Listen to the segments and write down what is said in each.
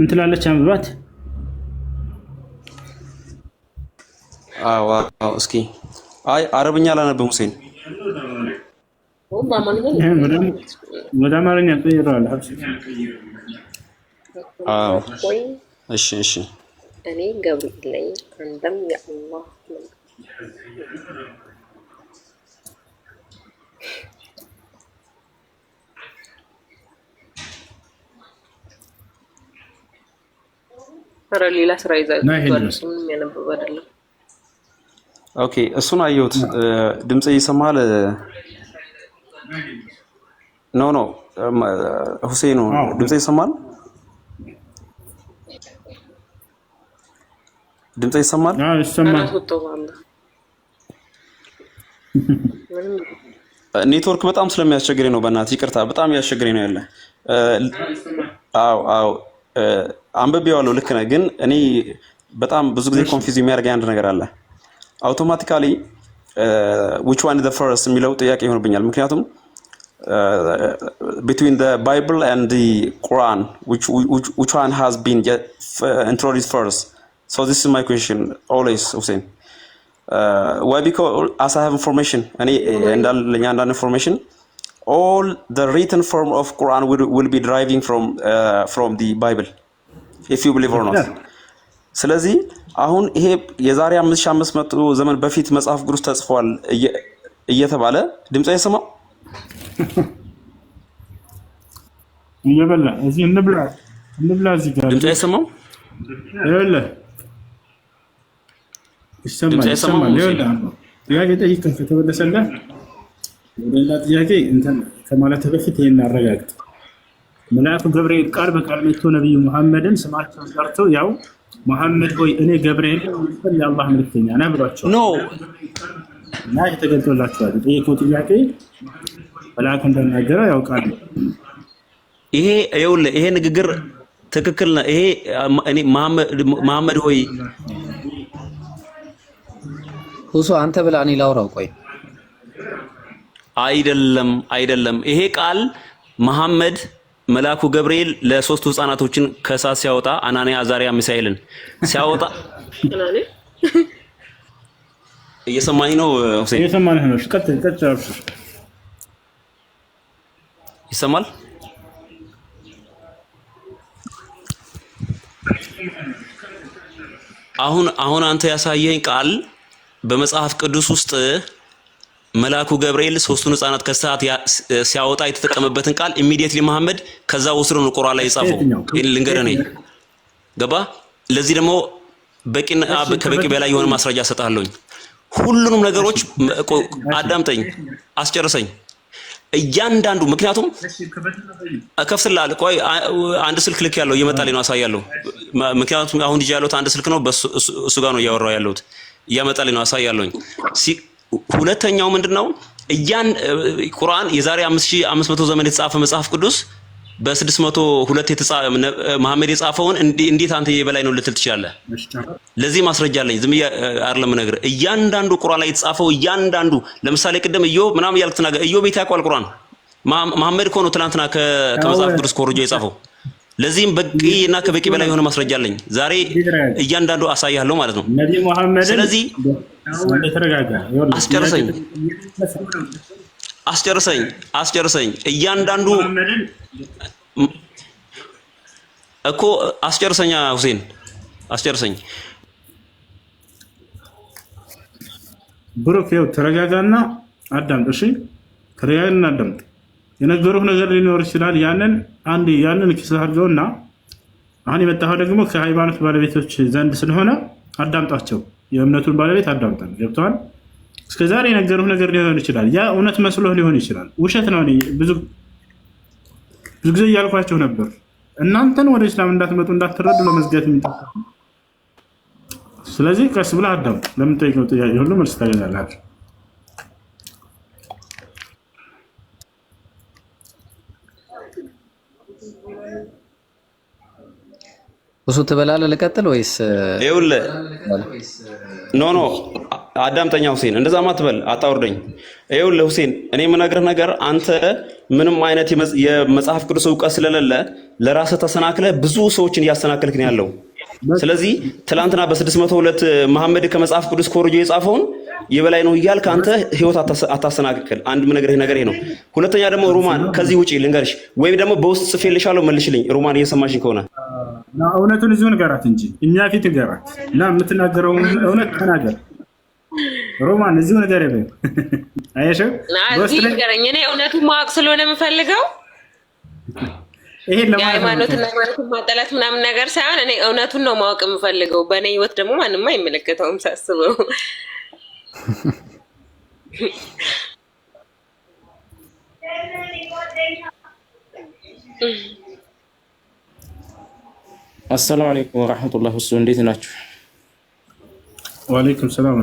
እንትላለች አንብባት። አዎ እስኪ አይ አረብኛ አላነበብም ሁሴን ወደ አማርኛ ቀይረዋል። እሺ እሺ እኔ ገብርኤል ላይ አንተም የአላህ ኧረ ሌላ ስራ ይዛል። ምንም አይደለም። ኦኬ እሱን አየሁት። ድምፅ ይሰማል? ኖ ኖ ሁሴኑ ድምፅ ይሰማል? ድምፅ ይሰማል? ኔትወርክ በጣም ስለሚያስቸግረኝ ነው። በእናትህ ይቅርታ፣ በጣም ያስቸግረኝ ነው ያለ። አዎ አዎ አንብቤዋለሁ። ልክ ነህ። ግን እኔ በጣም ብዙ ጊዜ ኮንፊዝ የሚያደርገኝ አንድ ነገር አለ። አውቶማቲካሊ ዊች ዋን ዘ ፈርስት የሚለው ጥያቄ ይሆንብኛል። ምክንያቱም ቢትዊን ዘ ባይብል ኤንድ ዲ ቁርአን ዊች ዋን ሃዝ ቢን ኢንትሮዲስ ፈርስት ሶ ዚስ ኢዝ ማይ ኩዌሽን ኦልዌይስ ሁሴን ዋይ ቢኮ አስ አይ ሃቭ ኢንፎርሜሽን እኔ እንዳለኝ አንዳንድ ኢንፎርሜሽን ኦል ዘ ሪትን ፎርም ኦፍ ቁርአን ዊል ቢ ድራይቪንግ ፍሮም ዲ ባይብል ኢፍ ዩ ብሊቭ ኦር ኖት። ስለዚህ አሁን ይሄ የዛሬ 5500 ዘመን በፊት መጽሐፍ ቅዱስ ተጽፏል እየተባለ ድምፅ የሰማው እየበላ እዚህ እንብላ እንብላ እዚህ ጋር ድምፅ የሰማው ይበላ ይሰማል ይሰማል ይበላ ጥያቄ ጠይቀህ ከተመለሰልህ ወደ ሌላ ጥያቄ እንትን ከማለትህ በፊት ይሄን አረጋግጥ። መልአኩ ገብርኤል ቃል በቃል መጥቶ ነቢዩ ሙሐመድን ስማቸውን ጠርተው ያው ሙሐመድ ሆይ እኔ ገብርኤል የአላህ መልክተኛ ነህ ብሏቸዋል። እና የተገልጦላቸዋል። የጠየቀው ጥያቄ መልአኩ እንደናገረው ያው ቃል ይሄ ይኸውልህ፣ ይሄ ንግግር ትክክል ነው። ይሄ እኔ መሐመድ ሆይ ሁሶ አንተ ብላ እኔ ላውራው። ቆይ አይደለም አይደለም፣ ይሄ ቃል መሐመድ መልአኩ ገብርኤል ለሶስቱ ህፃናቶችን ከእሳት ሲያወጣ አናንያ፣ አዛሪያ፣ ሚሳኤልን ሲያወጣ እየሰማኝ ነው። ሁሴን እየሰማኝ ነው። ቀጥል ቀጥል። ይሰማል። አሁን አሁን አንተ ያሳየኝ ቃል በመጽሐፍ ቅዱስ ውስጥ መልአኩ ገብርኤል ሶስቱን ህፃናት ከሰዓት ሲያወጣ የተጠቀመበትን ቃል ኢሚዲየትሊ መሐመድ ከዛ ወስዶ ነው ቁርአን ላይ የጻፈው። ልንገርህ ነኝ ገባ። ለዚህ ደግሞ በቂ ከበቂ በላይ የሆነ ማስረጃ ሰጣለሁኝ። ሁሉንም ነገሮች አዳምጠኝ፣ አስጨርሰኝ። እያንዳንዱ ምክንያቱም ከፍትልሃል። ቆይ አንድ ስልክ ልክ ያለው እየመጣልኝ ነው፣ አሳያለሁ። ምክንያቱም አሁን ይዤ ያለሁት አንድ ስልክ ነው፣ እሱ ጋር ነው እያወራሁ ያለሁት። እያመጣልኝ ነው፣ አሳያለሁኝ ሁለተኛው ምንድን ነው? እያን ቁርአን የዛሬ 5500 ዘመን የተጻፈ መጽሐፍ ቅዱስ በ602 የተጻፈ መሐመድ የጻፈውን እንዴት አንተ የበላይ ነው ልትል ትችላለህ? ለዚህ ማስረጃ አለኝ። ዝም አይደለም ነገር እያንዳንዱ ቁርአን ላይ የተጻፈው እያንዳንዱ ለምሳሌ ቅድም እዮ ምናምን እያልክ ተናገር። ኢዮብ ቤት ያውቀዋል ቁርአን። መሐመድ እኮ ነው ትናንትና ከመጽሐፍ ቅዱስ ኮርጆ የጻፈው ለዚህም በቂና ከበቂ በላይ የሆነ ማስረጃ አለኝ። ዛሬ እያንዳንዱ አሳያለሁ ማለት ነው። ስለዚህ አስጨርሰኝ አስጨርሰኝ አስጨርሰኝ እያንዳንዱ እኮ አስጨርሰኛ ሁሴን አስጨርሰኝ። ብሩክ ይኸው ተረጋጋና አዳምጥ። እሺ ተረጋጋና አዳምጥ። የነገሩህ ነገር ሊኖር ይችላል። ያንን አንድ ያንን ኪስ አድርገውና አሁን የመጣኸው ደግሞ ከሃይማኖት ባለቤቶች ዘንድ ስለሆነ አዳምጣቸው። የእምነቱን ባለቤት አዳምጠን ገብተዋል። እስከዛሬ የነገሩህ ነገር ሊሆን ይችላል። ያ እውነት መስሎህ ሊሆን ይችላል። ውሸት ነው። ብዙ ጊዜ እያልኳቸው ነበር እናንተን ወደ እስላም እንዳትመጡ እንዳትረዱ ለመዝጋት የሚ ስለዚህ ቀስ ብለህ አዳምጥ። ለምንጠይቀው ጥያቄ ሁሉ መልስ ታገኛለህ። እሱ ትበላለህ። ልቀጥል ወይስ ይኸውልህ? ኖ ኖ አዳምጠኛ ሁሴን፣ እንደዛ ማትበል አታውርደኝ። ይኸውልህ ሁሴን፣ እኔ የምነግርህ ነገር አንተ ምንም አይነት የመጽሐፍ ቅዱስ እውቀት ስለሌለ ለራስ ተሰናክለ ብዙ ሰዎችን እያሰናከልክ ነው ያለው። ስለዚህ ትላንትና በስድስት መቶ ሁለት መሐመድ ከመጽሐፍ ቅዱስ ኮርጆ የጻፈውን የበላይ ነው እያልክ አንተ ህይወት አታሰናክክል። አንድ ነገር ነገር ነው። ሁለተኛ ደግሞ ሩማን ከዚህ ውጪ ልንገርሽ፣ ወይም ደግሞ በውስጥ ጽፌልሻለሁ መልሽልኝ። ሩማን እየሰማሽኝ ከሆነ እውነቱን እዚሁ ንገራት እንጂ እኛ ፊት ንገራት እና የምትናገረውን እውነት ተናገር። ሮማን እዚሁ ነገር የበ አየሽው፣ ንገረኝ። እኔ እውነቱን ማወቅ ስለሆነ የምፈልገው ይሄን ሃይማኖትና ሃይማኖትን ማጠላት ምናምን ነገር ሳይሆን እኔ እውነቱን ነው ማወቅ የምፈልገው። በእኔ ህይወት ደግሞ ማንም አይመለከተውም ሳስበው አሰላሙ አለይኩም ወራህመቱላህ እሱ እንዴት ናችሁ? ወአለይኩም ሰላም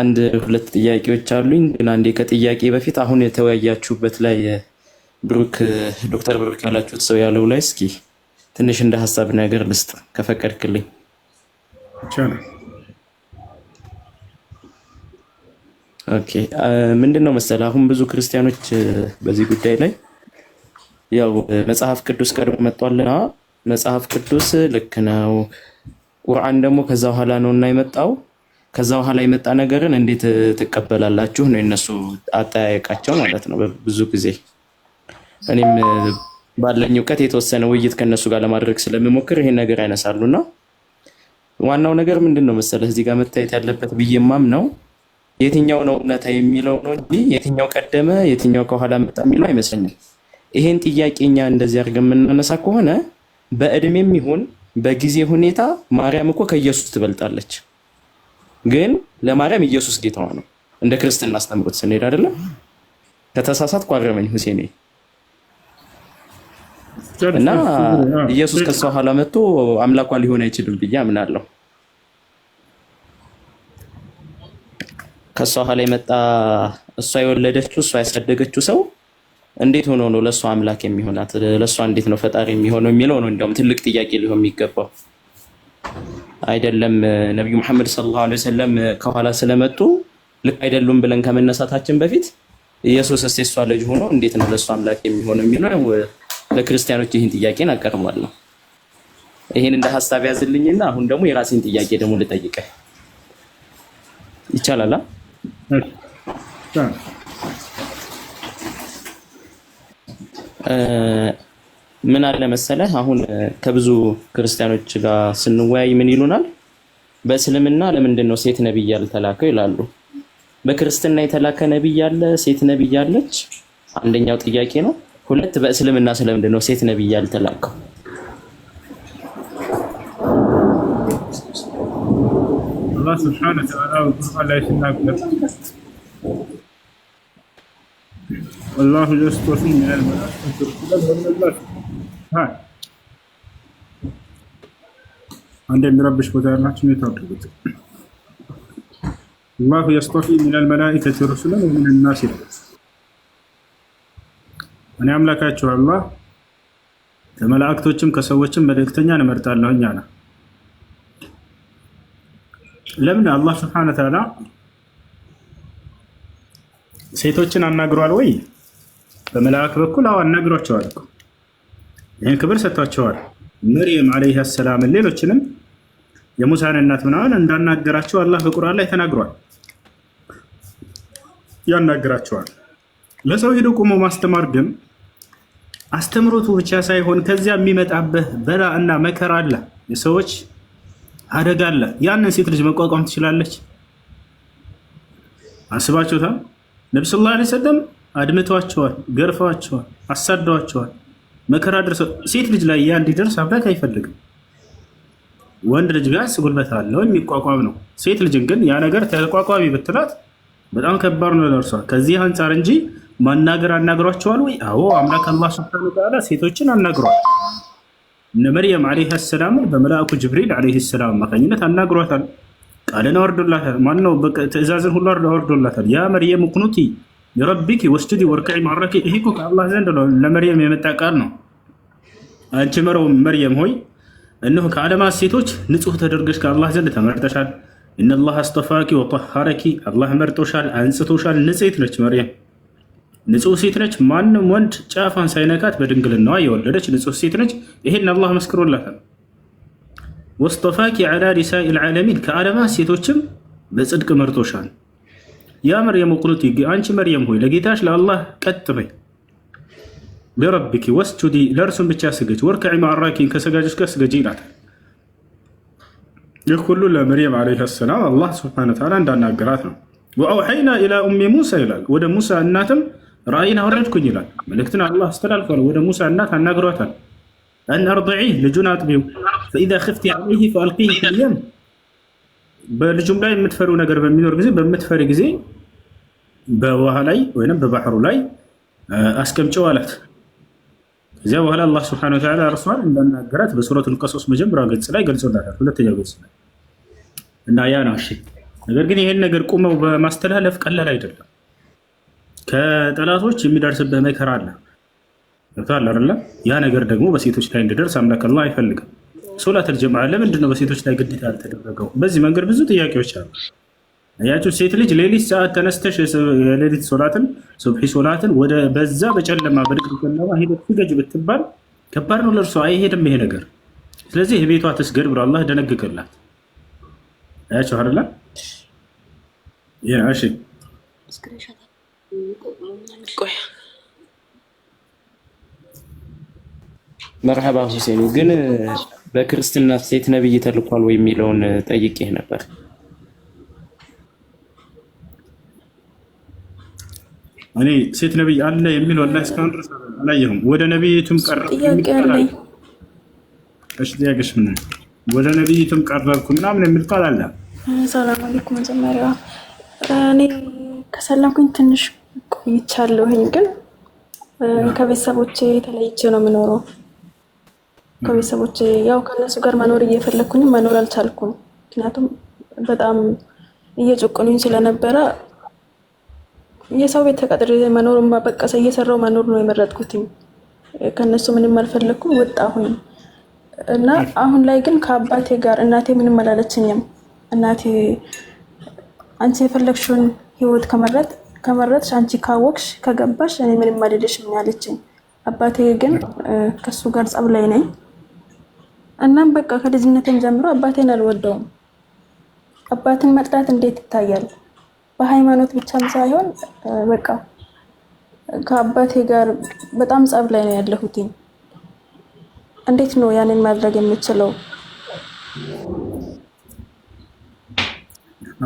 አንድ ሁለት ጥያቄዎች አሉኝ፣ ግን አንዴ ከጥያቄ በፊት አሁን የተወያያችሁበት ላይ ብሩክ ዶክተር ብሩክ ያላችሁት ሰው ያለው ላይ እስኪ ትንሽ እንደ ሀሳብ ነገር ልስጥ ከፈቀድክልኝ። ኦኬ ምንድን ነው መሰለህ አሁን ብዙ ክርስቲያኖች በዚህ ጉዳይ ላይ ያው መጽሐፍ ቅዱስ ቀድሞ መጥቷልና መጽሐፍ ቅዱስ ልክ ነው። ቁርአን ደግሞ ከዛ በኋላ ነው እና የመጣው ከዛ በኋላ የመጣ ነገርን እንዴት ትቀበላላችሁ ነው የነሱ አጠያየቃቸው ማለት ነው። ብዙ ጊዜ እኔም ባለኝ እውቀት የተወሰነ ውይይት ከነሱ ጋር ለማድረግ ስለምሞክር ይሄን ነገር ያነሳሉና ዋናው ነገር ምንድን ነው መሰለህ እዚህ ጋር መታየት ያለበት ብዬማም ነው የትኛው ነው እውነታ የሚለው ነው እንጂ የትኛው ቀደመ የትኛው ከኋላ መጣ የሚለው አይመስለኝም። ይሄን ጥያቄ እኛ እንደዚህ አድርገን የምናነሳ ከሆነ በእድሜም ይሁን በጊዜ ሁኔታ ማርያም እኮ ከኢየሱስ ትበልጣለች። ግን ለማርያም ኢየሱስ ጌታዋ ነው። እንደ ክርስትና አስተምሮት ስንሄድ አይደለም። ከተሳሳት ቋረመኝ ሁሴኔ። እና ኢየሱስ ከሷ ኋላ መጥቶ አምላኳ ሊሆን አይችልም ብዬ አምናለሁ። ከሷ ኋላ የመጣ እሷ የወለደችው እሷ ያሳደገችው ሰው እንዴት ሆኖ ነው ለእሷ አምላክ የሚሆናት? ለእሷ እንዴት ነው ፈጣሪ የሚሆነው የሚለው ነው እንዲያውም ትልቅ ጥያቄ ሊሆን የሚገባው አይደለም። ነቢዩ መሐመድ ሰለላሁ ዐለይሂ ወሰለም ከኋላ ስለመጡ ልክ አይደሉም ብለን ከመነሳታችን በፊት ኢየሱስ እስቲ እሷ ልጅ ሆኖ እንዴት ነው ለእሷ አምላክ የሚሆነው የሚለው ለክርስቲያኖች ይህን ጥያቄን አቀርቧል ነው። ይህን እንደ ሀሳብ ያዝልኝና አሁን ደግሞ የራሴን ጥያቄ ደግሞ ልጠይቀህ ይቻላል? ምን አለ መሰለህ፣ አሁን ከብዙ ክርስቲያኖች ጋር ስንወያይ ምን ይሉናል? በእስልምና ለምንድን ነው ሴት ነቢይ ያልተላከው ይላሉ። በክርስትና የተላከ ነቢይ አለ፣ ሴት ነቢይ አለች። አንደኛው ጥያቄ ነው። ሁለት በእስልምና ስለምንድን ነው ሴት ነቢይ ያልተላከው? አላህ ሱብሓነሁ ወተዓላ ላይ ሲናገር አላሁ የስጦትን ሚነል አንድ የሚረብሽ ቦታ ያላችሁ ነው አላሁ የስጦፊ ሚነል መላኢከት ሩሱለን ወሚን ናስ እኔ አምላካችሁ አላህ ከመላእክቶችም ከሰዎችም መልእክተኛ እንመርጣለሁ። እኛ ለምን አላህ ስብሐነ ተዓላ ሴቶችን አናግሯል ወይ? በመላእክ በኩል አዎ አናግሯቸዋል። ይህን ክብር ሰጥቷቸዋል። መርየም ዓለይሃ ሰላምን ሌሎችንም የሙሳን እናት ምናምን እንዳናገራቸው አላህ በቁርአን ላይ ተናግሯል። ያናግራቸዋል። ለሰው ሄዶ ቆሞ ማስተማር ግን አስተምሮቱ ብቻ ሳይሆን ከዚያ የሚመጣበህ በላ እና መከራ አለ፣ የሰዎች አደጋ አለ። ያንን ሴት ልጅ መቋቋም ትችላለች? አስባችሁታል? ነቢ ስ ላ ሰለም አድምተዋቸዋል ገርፈዋቸዋል፣ አሳደዋቸዋል፣ መከራ ደርሰው። ሴት ልጅ ላይ ያ እንዲደርስ አምላክ አይፈልግም። ወንድ ልጅ ቢያንስ ጉልበት አለው የሚቋቋም ነው። ሴት ልጅን ግን ያ ነገር ተቋቋሚ ብትላት በጣም ከባድ ነው ለእርሷ። ከዚህ አንጻር እንጂ ማናገር አናግሯቸዋል ወይ? አዎ አምላክ አላህ ሱብሓነሁ ወተዓላ ሴቶችን አናግሯል። እነ መርየም ዓለይሃ ሰላምን በመላእኩ ጅብሪል ዓለይሂ ሰላም አማካኝነት አናግሯታል። ቃልን አወርዶላታል። ማነው ትእዛዝን ሁሉ አወርዶላታል። ያ መርየም ቁኑቲ ረቢኪ ወስጅዲ ወርከዒ ማረኪ። ይህ እኮ ከአላህ ዘንድ ነው ለመርየም የመጣ ቃል ነው። አንቺ መረው መርየም ሆይ እነሆ ከዓለማት ሴቶች ንጹህ ተደርገሽ ከአላህ ዘንድ ተመርጠሻል። እነላህ አስጠፋኪ ወጠሃረኪ፣ አላህ መርጦሻል፣ አንጽቶሻል። ንጽሕት ነች መርየም፣ ንጹህ ሴት ነች። ማንም ወንድ ጫፋን ሳይነካት በድንግልናዋ የወለደች ንጹህ ሴት ነች። ይሄን አላህ መስክሮላታል። ወስጠፋኪ ዐላ ኒሳኢ ልዓለሚን ከዓለማት ሴቶችም በጽድቅ መርጦሻል። ያ መርየም ቁኑቲ አንቺ መርየም ሆይ ለጌታሽ ለአላህ ቀጥ በይ። ሊረቢኪ ወስጁዲ ለእርሱም ብቻ ስገጅ። ወርክዒ መዐ ራኪዒን ከሰጋጆች ጋር ስገጂ ይላታል። ይህ ሁሉ ለመርየም ዓለይሃ ሰላም አላህ ሱብሓነሁ ወተዓላ እንዳናገራት ነው። ወአውሐይና ኢላ ኡሚ ሙሳ ይላል። ወደ ሙሳ እናትም ራእይን አወረድኩኝ ይላል። መልእክትን አላህ አስተላልፏል። ወደ ሙሳ እናት አናግሯታል። أن أرضعيه لجونات أطبيو فإذا خفتي عليه فألقيه في اليم بلجوم لا يمتفروا نقر بمينور قزي بمتفر قزي بوها لي وين ببحر لي آه، أسكم جوالت زي وهلا الله سبحانه وتعالى رسول الله إن قرأت بسورة القصص مجمرة قلت سلاي قلت سلاي قلت سلاي قلت سلاي إن آيانا الشيء نقر قني هنا قر قومه بمستلها لفق لا يدرنا كتلاثوش يمي درس بمكر الله ገብቷል አይደለ? ያ ነገር ደግሞ በሴቶች ላይ እንዲደርስ አምላክ አላህ አይፈልግም። ሶላተል ጀምዓ ለምንድን ነው በሴቶች ላይ ግዴታ ያልተደረገው? በዚህ መንገድ ብዙ ጥያቄዎች አሉ። ያቸው ሴት ልጅ ሌሊት ሰዓት ተነስተሽ የሌሊት ሶላትን ሱብሒ ሶላትን ወደ በዛ በጨለማ በድቅድቅ ጨለማ ሄደት ትገጅ ብትባል ከባድ ነው ለእርሷ፣ አይሄድም ይሄ ነገር። ስለዚህ የቤቷ ትስገድ ብሎ አላህ ደነግገላት። አያቸው አይደለ? እሺ መርሃባ ሁሴኑ ግን በክርስትና ሴት ነብይ ተልኳል ወይ የሚለውን ጠይቄ ነበር። እኔ ሴት ነብይ አለ የሚል ወላሂ እስካሁን ድረስ አላየሁም። ወደ ነብይቱም ጥያቄሽ ምን ወደ ነብይቱም ቀረብኩ ምናምን የሚል ቃል አለ። ሰላም አለይኩም። መጀመሪያ እኔ ከሰላምኩኝ ትንሽ ቆይቻለሁኝ፣ ግን ከቤተሰቦቼ ተለይቼ ነው የምኖረው ከቤተሰቦች ያው ከእነሱ ጋር መኖር እየፈለግኩኝም መኖር አልቻልኩም። ምክንያቱም በጣም እየጨቆኑኝ ስለነበረ የሰው ቤት ተቀጥሬ መኖር ማበቀሰ እየሰራው መኖር ነው የመረጥኩትኝ። ከእነሱ ምንም አልፈለግኩም ወጣሁኝ። እና አሁን ላይ ግን ከአባቴ ጋር እናቴ ምንም አላለችኝም። እናቴ አንቺ የፈለግሽውን ህይወት ከመረጥ ከመረጥሽ አንቺ ካወቅሽ ከገባሽ እኔ ምንም አልልሽም ያለችኝ። አባቴ ግን ከእሱ ጋር ጸብ ላይ ነኝ። እናም በቃ ከልጅነቴም ጀምሮ አባቴን አልወደውም። አባትን መጥላት እንዴት ይታያል? በሃይማኖት ብቻም ሳይሆን በቃ ከአባቴ ጋር በጣም ጸብ ላይ ነው ያለሁትኝ። እንዴት ነው ያንን ማድረግ የምችለው?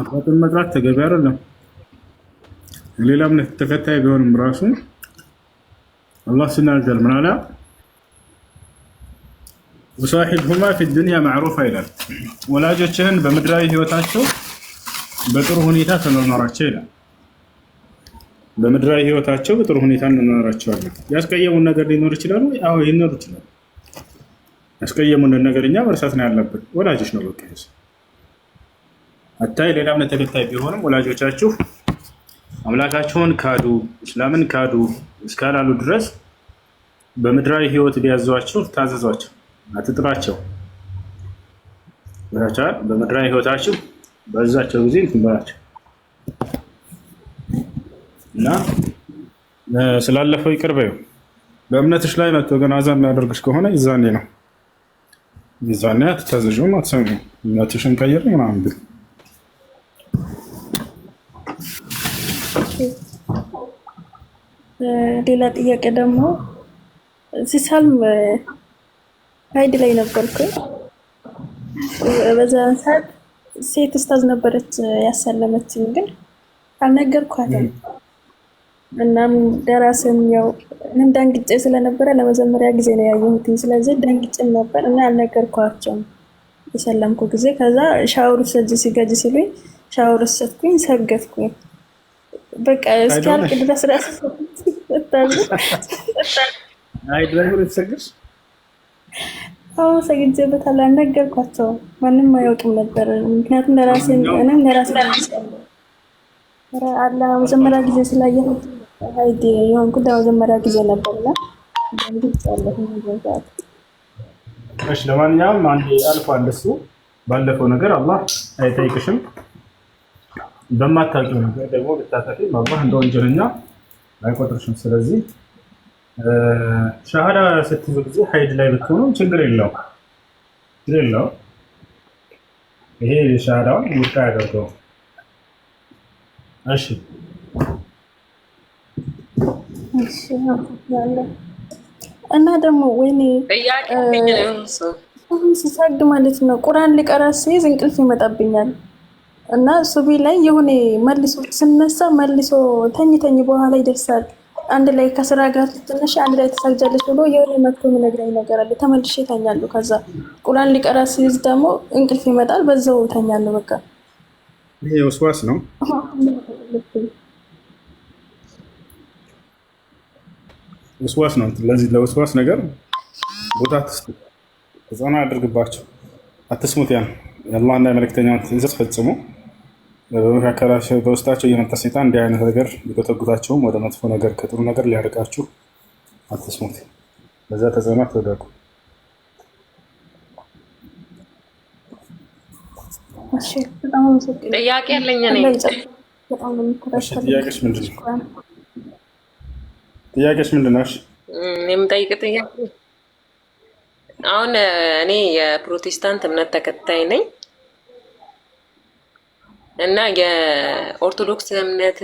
አባትን መጥራት ተገቢ አይደለም። ሌላ እምነት ተከታይ ቢሆንም ራሱ አላህ ስናገር ምናላ ወሳሒብሁማ ፊዱንያ ማዕሩፋ ይላል። ወላጆችህን በምድራዊ ህይወታቸው በጥሩ ሁኔታ ተመኗራቸው ይላል። በምድራዊ ህይወታቸው በጥሩ ሁኔታ እንኖራቸዋለን። ያስቀየሙን ነገር ሊኖር ይችላል ወይ? አዎ ይኖር ይችላል። ያስቀየሙንን ነገር እኛ መርሳት ነው ያለብን። ወላጆች ነው በቃ አታይ ሌላ እምነት ተከታይ ቢሆንም ወላጆቻችሁ አምላካቸውን ካዱ፣ እስላምን ካዱ እስካላሉ ድረስ በምድራዊ ህይወት ሊያዟቸው ታዘዟቸው። አትጥራቸው ብላቸዋል። በምድራዊ ህይወታችሁ በዛቸው ጊዜ ትንበላቸው እና ስላለፈው ይቅር በይው። በእምነትሽ ላይ መጥቶ ግን አዛ የሚያደርግሽ ከሆነ ይዛኔ ነው ይዛኔ አትታዘዥም፣ አትሰሚ እምነትሽን ቀይር ምናምን ብል ሌላ ጥያቄ ደግሞ ሲሳልም አይድ ላይ ነበርኩኝ። በዛ ሰዓት ሴት እስታዝ ነበረች ያሰለመችኝ፣ ግን አልነገርኳትም። እናም ደራስም ያው እኔም ዳንግጬ ስለነበረ ለመጀመሪያ ጊዜ ነው ያየሁት። ስለዚህ ዳንግጬም ነበር እና አልነገርኳቸውም የሰለምኩ ጊዜ። ከዛ ሻወር ሰጅ ሲገጅ ሲሉኝ ሻወር ሰጥኩኝ፣ ሰገድኩኝ። በቃ እስኪያልቅ ድረስ ራስ አዎ ሰግጄበታለሁ። አልነገርኳቸውም፣ ማንም አያውቅም ነበር። ምክንያቱም ለራሴ እኔም ለራሴ አለ መጀመሪያ ጊዜ ስላየሁት ይሁን ኩዳ ለመጀመሪያ ጊዜ ነበርና እሺ፣ ለማንኛውም አንድ አልፏል እሱ ባለፈው ነገር አላህ አይጠይቅሽም። በማታውቂው ነገር ደግሞ ብታጠፊ አላህ እንደ ወንጀለኛ አይቆጥርሽም። ስለዚህ ሻሃዳ ስትይዙ ጊዜ ሀይድ ላይ ብትሆኑ ችግር የለው ችግር የለው። ይሄ ሻሃዳውን ውድቅ ያደርገው። እሺ እና ደግሞ ወይኔ ስሰግድ ማለት ነው ቁርአን ሊቀራ ሲይዝ እንቅልፍ ይመጣብኛል እና ሱቢ ላይ የሆነ መልሶ ስነሳ መልሶ ተኝ ተኝ በኋላ ይደርሳል። አንድ ላይ ከስራ ጋር ትንሽ አንድ ላይ ተሳግጃለች ብሎ የሆነ መጥቶ የሚነግረኝ ነገር አለ። ተመልሼ እተኛለሁ። ከዛ ቁርአን ሊቀራ ሲይዝ ደግሞ እንቅልፍ ይመጣል። በዛው እተኛለሁ። በቃ ይሄ ውስዋስ ነው። ውስዋስ ነው። ለዚህ ለውስዋስ ነገር ቦታ አትስጡ፣ ተጽዕኖ አያደርግባቸው፣ አትስሙት። ያን የአላህና የመልእክተኛውን ትእዛዝ ፈጽሙ። በመካከላቸው በውስጣቸው እየመጣ ሴጣን እንዲህ አይነት ነገር ሊጎተጉታቸውም ወደ መጥፎ ነገር ከጥሩ ነገር ሊያርቃችሁ አትስሙት። በዛ ተጽዕኖት ተደጉ። ጥያቄ ያለኝ ጥያቄሽ ምንድን ነው? ጥያቄሽ ምንድን ነው? የምጠይቅ ጥያቄ አሁን እኔ የፕሮቴስታንት እምነት ተከታይ ነኝ። እና የኦርቶዶክስ እምነት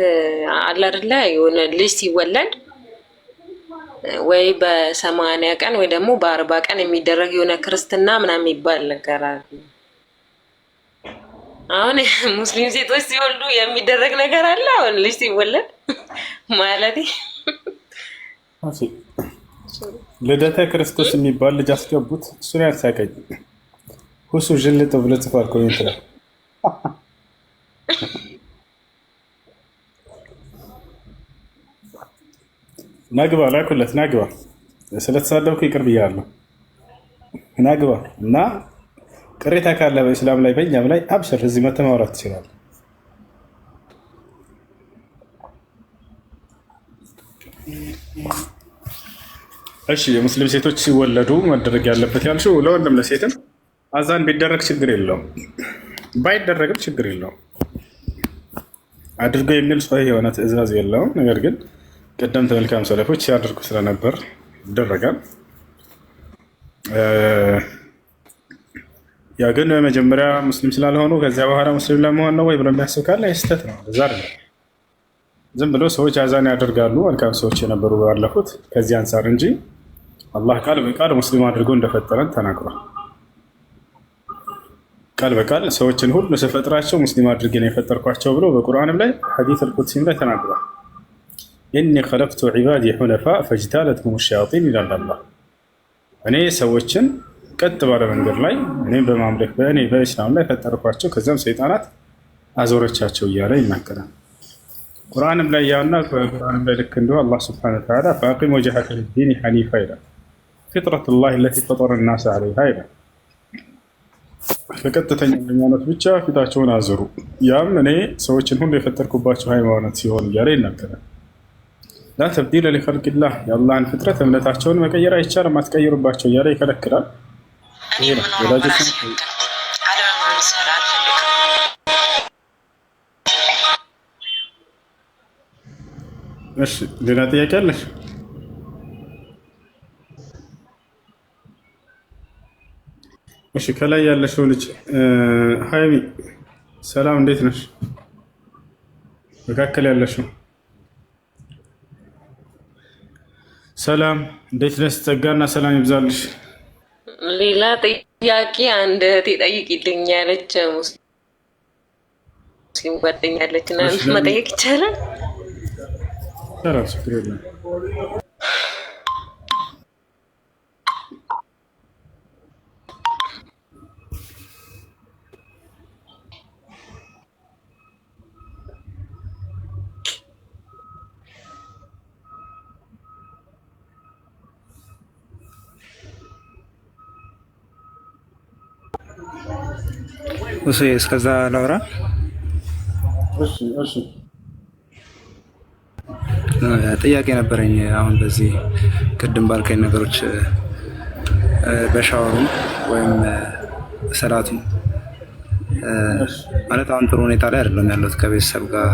አለ አይደለ? የሆነ ልጅ ሲወለድ ወይ በሰማንያ ቀን ወይ ደግሞ በአርባ ቀን የሚደረግ የሆነ ክርስትና ምናምን የሚባል ነገር አለ። አሁን ሙስሊም ሴቶች ሲወልዱ የሚደረግ ነገር አለ። አሁን ልጅ ሲወለድ ማለት ልደተ ክርስቶስ የሚባል ልጅ አስገቡት። እሱን ያሳቀኝ ሁሱ ዥልጥ ብሎ ጽፏል ኮሜንት ላይ ናግባ ላኩለት ናግባ ስለተሳደብኩ ይቅር ብያለሁ። ናግባ እና ቅሬታ ካለ በእስላም ላይ በእኛም ላይ አብሽር፣ እዚህ መተህ ማውራት ትችላለህ። እሺ፣ የሙስሊም ሴቶች ሲወለዱ መደረግ ያለበት ያልሽው ለወንድም ለሴትም አዛን ቢደረግ ችግር የለውም፣ ባይደረግም ችግር የለውም። አድርገው የሚል ሰው የሆነ ትዕዛዝ የለውም። ነገር ግን ቀደምት መልካም ሰለፎች ሲያደርጉ ስለነበር ይደረጋል። ያ ግን መጀመሪያ ሙስሊም ስላልሆኑ ከዚያ በኋላ ሙስሊም ለመሆን ነው ወይ ብሎ የሚያስብ ካለ ስህተት ነው። እዛ ዝም ብሎ ሰዎች አዛን ያደርጋሉ። መልካም ሰዎች የነበሩ ባለፉት ከዚህ አንጻር እንጂ አላህ ቃል በቃል ሙስሊም አድርጎ እንደፈጠረን ተናግሯል። ቃል በቃል ሰዎችን ሁሉ ስፈጥራቸው ሙስሊም አድርጌ ነው የፈጠርኳቸው ብሎ በቁርአንም ላይ ሐዲስ አልቁድሲም ላይ ተናግሯል። ኢኒ ኸለቅቱ ዒባዲ ሑነፋ ፈጅታለትኩም ሸያጢን ይላል አላህ። እኔ ሰዎችን ቀጥ ባለ መንገድ ላይ እኔም በማምለክ በእኔ በእስላም ላይ ፈጠርኳቸው፣ ከዚያም ሰይጣናት አዞረቻቸው እያለ ይናገራል። ቁርአንም ላይ ያና ቁርአንም ላይ ልክ እንዲሁ አላህ ስብሓነሁ ወተዓላ ፈአቂም ወጅሀከ ሊዲን ሐኒፋ ይላል። ፊጥረተላሂ ለቲ ፈጠረ ናስ ዐለይሃ ይላል በቀጥተኛ ሃይማኖት ብቻ ፊታቸውን አዝሩ! ያም እኔ ሰዎችን ሁሉ የፈጠርኩባቸው ሃይማኖት ሲሆን እያለ ይናገራል። ላ ተብዲለ ሊኸልቅላህ የአላህን ፍጥረት እምነታቸውን መቀየር አይቻልም፣ አትቀይሩባቸው እያለ ይከለክላል። ሌላ ጥያቄ አለሽ? እሺ ከላይ ያለሽው ልጅ ሀይሚ ሰላም፣ እንዴት ነሽ? መካከል ያለሽው ሰላም፣ እንዴት ነሽ? ጸጋና ሰላም ይብዛልሽ። ሌላ ጥያቄ አንድ እህቴ ጠይቂልኝ ያለች ሙስሊም ጓደኛ አለችና መጠየቅ ይቻላል? እሱ እስከዛ ላውራ። ጥያቄ ነበረኝ። አሁን በዚህ ቅድም ባልከኝ ነገሮች በሻወሩ ወይም ሰላቱ ማለት አሁን ጥሩ ሁኔታ ላይ አይደለም ያለሁት ከቤተሰብ ጋር፣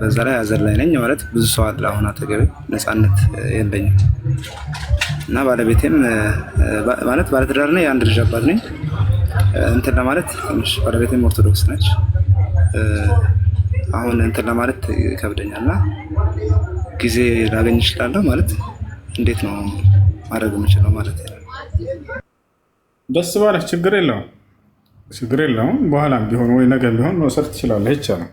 በዛ ላይ ሐዘን ላይ ነኝ። ማለት ብዙ ሰው አለ አሁን አጠገቤ፣ ነፃነት የለኝም እና ባለቤቴም ማለት ባለትዳር ነኝ፣ የአንድ ልጅ አባት ነኝ እንትን ለማለት ትንሽ ባለቤቴም ኦርቶዶክስ ነች። አሁን እንትን ለማለት ይከብደኛል እና ጊዜ ላገኝ እችላለሁ ማለት እንዴት ነው ማድረግ የምችለው ማለት ደስ ባለ ችግር የለውም ችግር የለውም። በኋላም ቢሆን ወይ ነገ ቢሆን መውሰድ ትችላለህ ይቻላል።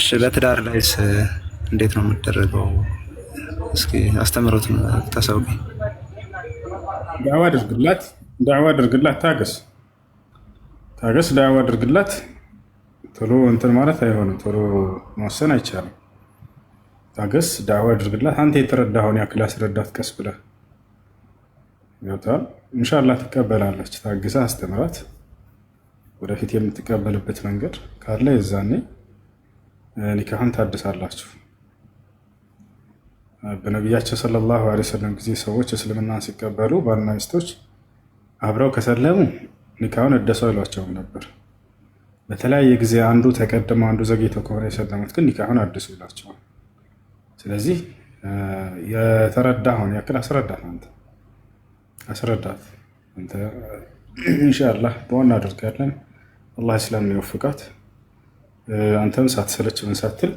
እሺ በትዳር ላይስ እንዴት ነው የምደረገው? እስኪ አስተምሮት ታሳውቂ። ዳዕዋ አድርግላት፣ ዳዕዋ አድርግላት። ታገስ፣ ታገስ፣ ዳዕዋ አድርግላት። ቶሎ እንትን ማለት አይሆንም፣ ቶሎ መወሰን አይቻልም። ታገስ፣ ዳዕዋ አድርግላት። አንተ የተረዳኸውን ያክል አስረዳት፣ ቀስ ብለህ ይወታል። ኢንሻላህ ትቀበላለች። ታግሳ አስተምራት። ወደፊት የምትቀበልበት መንገድ ካለ የዛኔ ኒካህን ታድሳላችሁ። በነቢያቸው ሰለላሁ ዐለይሂ ወሰለም ጊዜ ሰዎች እስልምና ሲቀበሉ ባልና ሚስቶች አብረው ከሰለሙ ኒካውን እደሰው አይሏቸውም ነበር። በተለያየ ጊዜ አንዱ ተቀድሞ አንዱ ዘግይቶ ከሆነ የሰለሙት ግን ኒካሁን አድሱ ይሏቸዋል። ስለዚህ የተረዳኸውን ያክል አስረዳት፣ አንተ አስረዳት። አንተ ኢንሻላህ በዋና አድርጋለን። አላህ እስላም ይወፍቃት። አንተም ሳትሰለች ምን ሳትል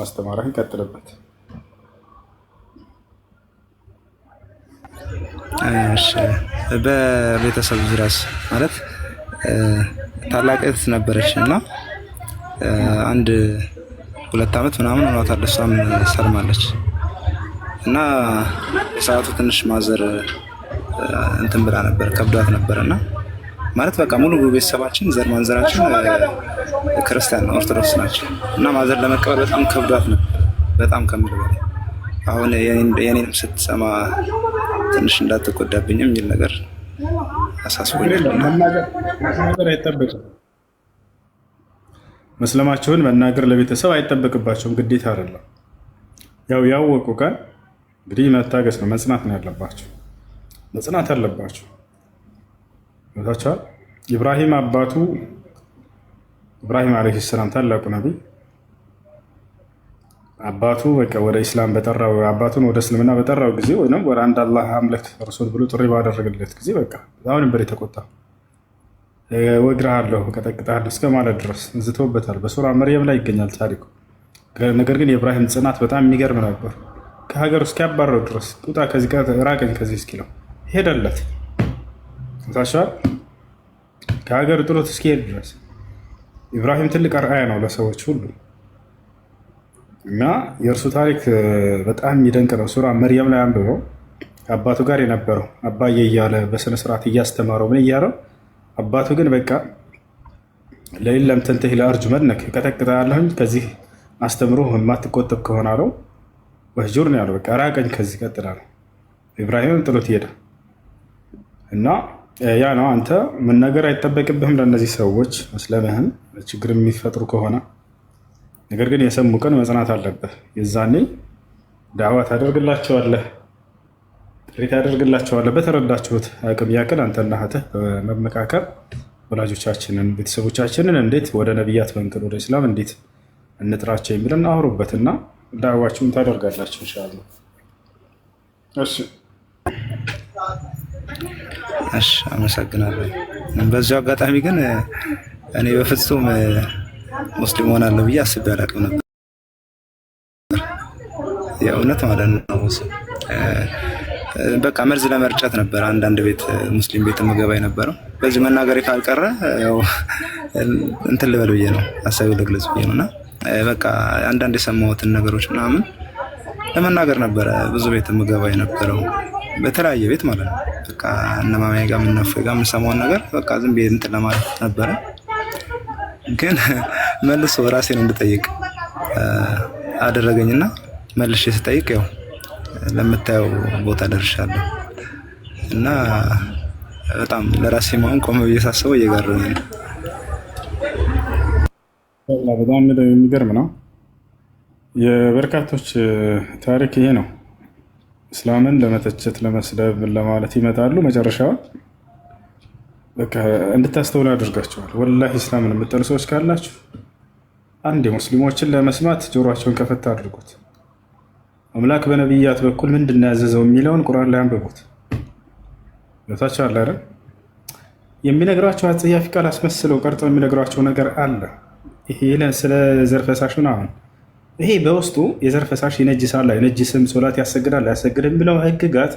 ማስተማርህን ቀጥልበት። በቤተሰብ ዙሪያስ ማለት ታላቅ እህት ነበረች እና አንድ ሁለት ዓመት ምናምን ሆኗታል። እሷም ሰልማለች እና የሰዓቱ ትንሽ ማዘር እንትን ብላ ነበር ከብዷት ነበር እና ማለት በቃ ሙሉ ቤተሰባችን ዘር ማንዘራችን ክርስቲያን ነው፣ ኦርቶዶክስ ናቸው እና ማዘር ለመቀበል በጣም ከብዷት ነበር። በጣም ከምል በላይ አሁን የኔንም ስትሰማ ትንሽ እንዳትጎዳብኝ የሚል ነገር አሳስቦኛል። አይጠበቅም። መስለማቸውን መናገር ለቤተሰብ አይጠበቅባቸውም፣ ግዴታ አይደለም። ያው ያወቁ ቀን እንግዲህ መታገስ ነው፣ መጽናት ነው ያለባቸው፣ መጽናት አለባቸው። ታቸዋል። ኢብራሂም አባቱ ኢብራሂም ዓለይሂ ሰላም ታላቁ ነቢይ አባቱ በቃ ወደ ኢስላም በጠራው አባቱን ወደ እስልምና በጠራው ጊዜ ወይም ወደ አንድ አላህ አምለክ ረሱል ብሎ ጥሪ ባደረገለት ጊዜ በቃ በጣም ነበር የተቆጣ። እወግርሃለሁ፣ እቀጠቅጥሃለሁ እስከ ማለት ድረስ እንዝተውበታል። በሱራ መርየም ላይ ይገኛል ታሪኩ። ነገር ግን የኢብራሂም ጽናት በጣም የሚገርም ነበር። ከሀገር እስኪያባረው ድረስ ጡጣ ከዚህ ጋር ራቀኝ ከዚህ እስኪለው ሄደለት ታሻል ከሀገር ጥሎት እስኪሄድ ድረስ ኢብራሂም ትልቅ አርአያ ነው ለሰዎች ሁሉ። እና የእርሱ ታሪክ በጣም የሚደንቅ ነው። ሱራ መርየም ላይ አንብበው ከአባቱ ጋር የነበረው አባዬ እያለ በስነስርዓት እያስተማረው ምን እያለው፣ አባቱ ግን በቃ ለኢን ለም ተንተሂ ለአርጅመነክ እቀጠቅጥሃለሁኝ ከዚህ አስተምሮ የማትቆጠብ ከሆነ አለው። ወህጁር ነው ያለው። በቃ ራቀኝ ከዚህ ቀጥላ ነው። ኢብራሂምም ጥሎት ይሄዳ እና ያ ነው አንተ መናገር አይጠበቅብህም ለእነዚህ ሰዎች መስለምህን ችግር የሚፈጥሩ ከሆነ ነገር ግን የሰሙ ቀን መጽናት አለብህ። የዛኔ ዳዋ ታደርግላቸዋለህ፣ ጥሪ ታደርግላቸዋለህ። በተረዳችሁት አቅም ያክል አንተና እህትህ በመመካከር ወላጆቻችንን ቤተሰቦቻችንን እንዴት ወደ ነቢያት መንገድ ወደ እስላም እንዴት እንጥራቸው የሚለን አውሩበትና ዳዕዋችሁን ታደርጋላችሁ ኢንሻላህ። እሺ እሺ፣ አመሰግናለሁ። በዚሁ አጋጣሚ ግን እኔ በፍጹም ሙስሊም ሆናለሁ ብዬ አስቤ አላውቅም ነበር። የእውነት ማለት ነው። በቃ መርዝ ለመርጨት ነበር አንዳንድ ቤት ሙስሊም ቤት ምገባ የነበረው። በዚህ መናገሬ ካልቀረ ያው እንትን ልበል ብዬ ነው ሀሳቢ ልግለጽ ብዬ ነው እና በቃ አንዳንድ የሰማሁትን ነገሮች ምናምን ለመናገር ነበረ ብዙ ቤት ምገባ የነበረው በተለያየ ቤት ማለት ነው። በቃ እነማማኝ ጋር የምናፈጋ የምንሰማውን ነገር በቃ ዝም ቤት እንትን ለማለት ነበረ ግን መልሶ ራሴን እንድጠይቅ አደረገኝና መልሼ ስጠይቅ ያው ለምታየው ቦታ ደርሻለሁ እና በጣም ለራሴ ማሆን ቆመ ብዬ ሳስበው እየጋረመ ነው። በጣም የሚገርም ነው። የበርካቶች ታሪክ ይሄ ነው። እስላምን ለመተቸት ለመስደብ ለማለት ይመጣሉ መጨረሻዋ? እንድታስተውሉ አድርጋችኋል። ወላሂ እስላምን የምጠሉ ሰዎች ካላችሁ አንድ ሙስሊሞችን ለመስማት ጆሮቸውን ከፈት አድርጉት። አምላክ በነቢያት በኩል ምንድን ያዘዘው የሚለውን ቁርአን ላይ አንብቡት። ታቸው አለ አይደል? የሚነግሯቸው አጸያፊ ቃል አስመስለው ቀርጠው የሚነግሯቸው ነገር አለ። ይሄ ስለ ዘር ፈሳሽ ምናምን ይሄ በውስጡ የዘር ፈሳሽ ይነጅሳል፣ አይነጅስም፣ ሶላት ያሰግዳል፣ አያሰግድም የሚለው ህግጋት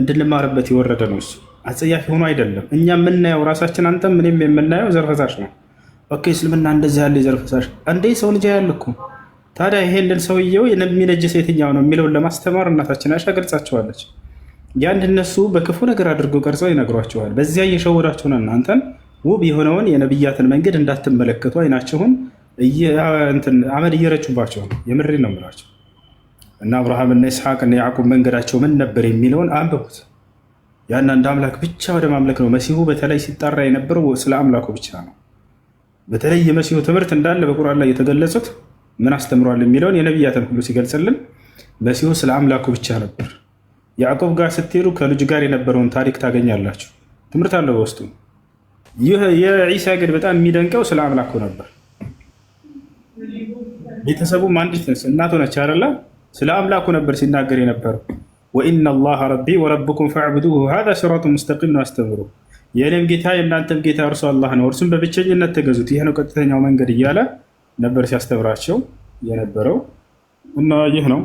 እንድንማርበት የወረደ ነው እሱ አጸያፊ ሆኖ አይደለም። እኛ የምናየው ራሳችን አንተም ምንም የምናየው ዘርፈሳሽ ነው። ኦኬ እስልምና እንደዚህ ያለ ዘርፈሳሽ እንዴ ሰው ልጅ ያልኩ ታዲያ ይሄንን ሰውየው የሚነጅስ የትኛው ነው የሚለውን ለማስተማር እናታችን አይሻ ገልጻቸዋለች። ያን እነሱ በክፉ ነገር አድርገው ቀርጸው ይነግሯቸዋል። በዚያ እየሸወዳችሁን እናንተን ውብ የሆነውን የነብያትን መንገድ እንዳትመለከቱ አይናችሁን አመድ እየረጩባቸው ነው። የምሬ ነው ምላቸው እና አብርሃም እና ይስሐቅ እና ያዕቁብ መንገዳቸው ምን ነበር የሚለውን አንብቡት። ያን አንድ አምላክ ብቻ ወደ ማምለክ ነው። መሲሁ በተለይ ሲጠራ የነበረው ስለ አምላኩ ብቻ ነው። በተለይ የመሲሁ ትምህርት እንዳለ በቁርአን ላይ የተገለጹት ምን አስተምሯል የሚለውን የነቢያትን ሁሉ ሲገልጽልን መሲሁ ስለ አምላኩ ብቻ ነበር። ያዕቆብ ጋር ስትሄዱ ከልጅ ጋር የነበረውን ታሪክ ታገኛላችሁ። ትምህርት አለው በውስጡ። ይህ የዒሳ ግን በጣም የሚደንቀው ስለ አምላኩ ነበር። ቤተሰቡም አንዲት እናት ሆነች አይደለ? ስለ አምላኩ ነበር ሲናገር የነበረው ወኢና አላህ ረቢ ወረብኩም ፈዕቡዱሁ ሃዛ ሲራጡ ሙስተቂም ነው አስተምሮ የእኔም ጌታ የእናንተም ጌታ እርሱ አላህ ነው፣ እርሱም በብቸኝነት ተገዙት፣ ይህ ነው ቀጥተኛው መንገድ እያለ ነበር ሲያስተምራቸው የነበረው እና ይህ ነው